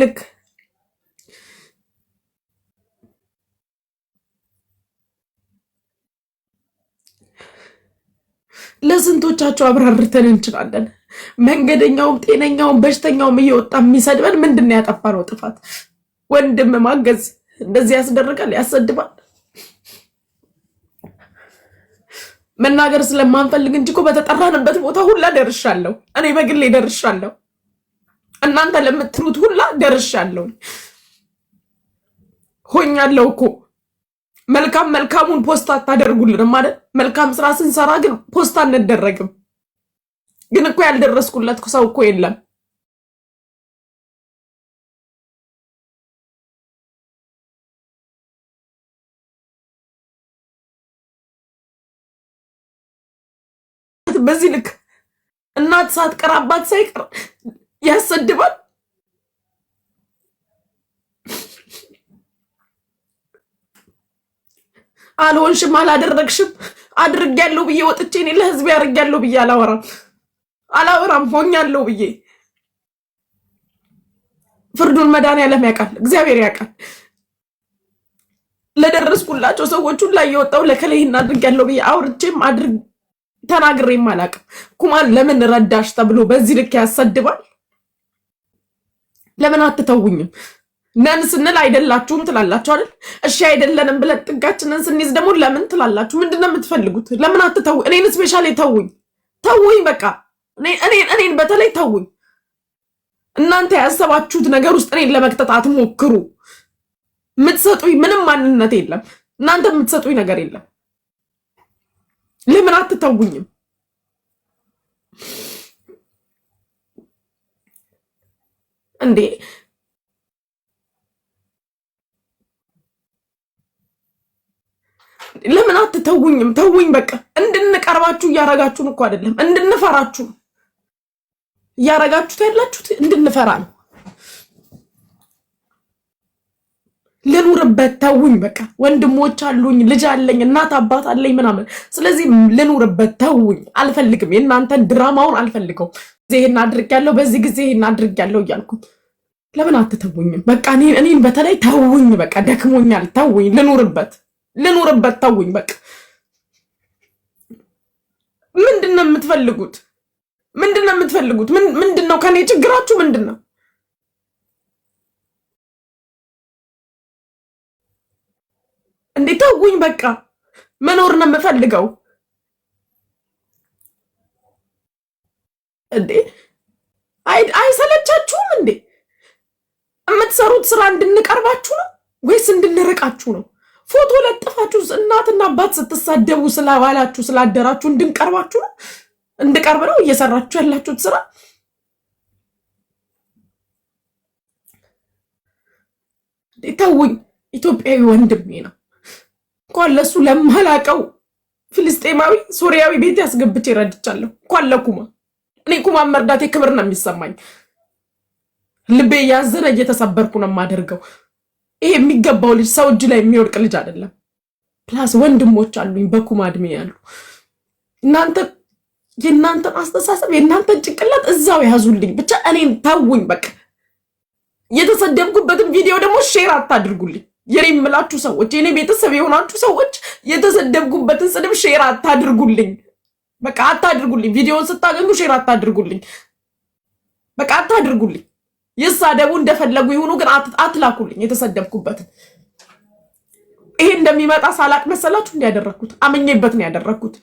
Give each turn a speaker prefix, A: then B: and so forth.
A: በዚህ ለስንቶቻቸው አብራርተን እንችላለን። መንገደኛውም፣ ጤነኛውም፣ በሽተኛውም እየወጣ የሚሰድበን ምንድን ነው ያጠፋነው ጥፋት? ወንድም ማገዝ እንደዚህ ያስደርጋል፣ ያሰድባል። መናገር ስለማንፈልግ እንጂ እኮ በተጠራንበት ቦታ ሁላ ደርሻለሁ። እኔ በግሌ ደርሻለሁ። እናንተ ለምትሉት ሁላ ደርሻለሁ ሆኛለሁ እኮ። መልካም መልካሙን ፖስታ አታደርጉልንም ማለት መልካም ስራ ስንሰራ ግን ፖስታ አንደረግም። ግን እኮ ያልደረስኩለት ሰው እኮ የለም። በዚህ ልክ እናት ሳትቀር አባት ሳይቀር ያሰድባል። አልሆንሽም፣ አላደረግሽም፣ አድርጌያለሁ ብዬ ወጥቼ እኔ ለህዝብ አድርጌያለሁ ብዬ አላወራም አላወራም ሆኛለሁ ብዬ ፍርዱን መድኃኒዓለም ያውቃል፣ እግዚአብሔር ያውቃል። ለደረስኩላቸው ሰዎች ሁላ እየወጣው ለከለይና አድርጌያለሁ ብዬ አውርቼም አድርግ ተናግሬም አላውቅም። ኩማን ለምን ረዳሽ ተብሎ በዚህ ልክ ያሰድባል። ለምን አትተውኝም? ነን ስንል አይደላችሁም ትላላችሁ አይደል? እሺ አይደለንም ብለን ጥጋችንን ስንይዝ ደግሞ ለምን ትላላችሁ? ምንድነው የምትፈልጉት? ለምን አትተው? እኔን ስፔሻል ተውኝ፣ ተውኝ፣ በቃ እኔን በተለይ ተውኝ። እናንተ ያሰባችሁት ነገር ውስጥ እኔን ለመቅጠት አትሞክሩ። የምትሰጡኝ ምንም ማንነት የለም። እናንተ የምትሰጡኝ ነገር የለም። ለምን አትተውኝም? እንዴ ለምን አትተውኝም? ተውኝ በቃ። እንድንቀርባችሁ እያረጋችሁን እኮ አይደለም፣ እንድንፈራችሁ እያረጋችሁት ያላችሁት እንድንፈራ ነው። ልኑርበት፣ ተውኝ በቃ። ወንድሞች አሉኝ፣ ልጅ አለኝ፣ እናት አባት አለኝ ምናምን። ስለዚህ ልኑርበት፣ ተውኝ። አልፈልግም፣ የእናንተን ድራማውን አልፈልገውም። ጊዜ ይሄን አድርጊያለሁ፣ በዚህ ጊዜ ይሄን አድርጊያለሁ እያልኩ ለምን አትተውኝም? በቃ እኔን በተለይ ተውኝ፣ በቃ ደክሞኛል፣ ተውኝ፣ ልኑርበት፣ ልኑርበት፣ ተውኝ። በቃ ምንድን ነው የምትፈልጉት? ምንድን ነው የምትፈልጉት? ምንድን ነው ከኔ ችግራችሁ ምንድን ነው? እንዴ ተውኝ፣ በቃ መኖር ነው የምፈልገው። እንዴ አይሰለቻችሁም እንዴ? የምትሰሩት ስራ እንድንቀርባችሁ ነው ወይስ እንድንርቃችሁ ነው? ፎቶ ለጥፋችሁ እናትና አባት ስትሳደቡ ስለባላችሁ ስላደራችሁ እንድንቀርባችሁ ነው እንድቀርብ ነው እየሰራችሁ ያላችሁት ስራ። ተውኝ። ኢትዮጵያዊ ወንድሜ ነው። እንኳን ለሱ ለማላቀው ፍልስጤማዊ ሶሪያዊ ቤት ያስገብቼ ረድቻለሁ። እንኳን ለኩማ እኔ ኩማ መርዳቴ ክብር ነው የሚሰማኝ። ልቤ ያዘነ እየተሰበርኩ ነው የማደርገው። ይሄ የሚገባው ልጅ ሰው እጅ ላይ የሚወድቅ ልጅ አይደለም። ፕላስ ወንድሞች አሉኝ በኩማ እድሜ ያሉ እናንተ የእናንተን አስተሳሰብ የእናንተን ጭንቅላት እዛው ያዙልኝ ብቻ እኔን ተውኝ በቃ። የተሰደብኩበትን ቪዲዮ ደግሞ ሼር አታድርጉልኝ። የኔ የምላችሁ ሰዎች የኔ ቤተሰብ የሆናችሁ ሰዎች የተሰደብኩበትን ስድብ ሼር አታድርጉልኝ። በቃ አታድርጉልኝ። ቪዲዮውን ስታገኙ ሼር አታድርጉልኝ። በቃ አታድርጉልኝ። ይሳደቡ እንደፈለጉ ይሁኑ፣ ግን አትላኩልኝ የተሰደብኩበትን። ይሄ እንደሚመጣ ሳላቅ መሰላችሁ እንዲያደረግኩት አመኘበት ነው ያደረግኩት።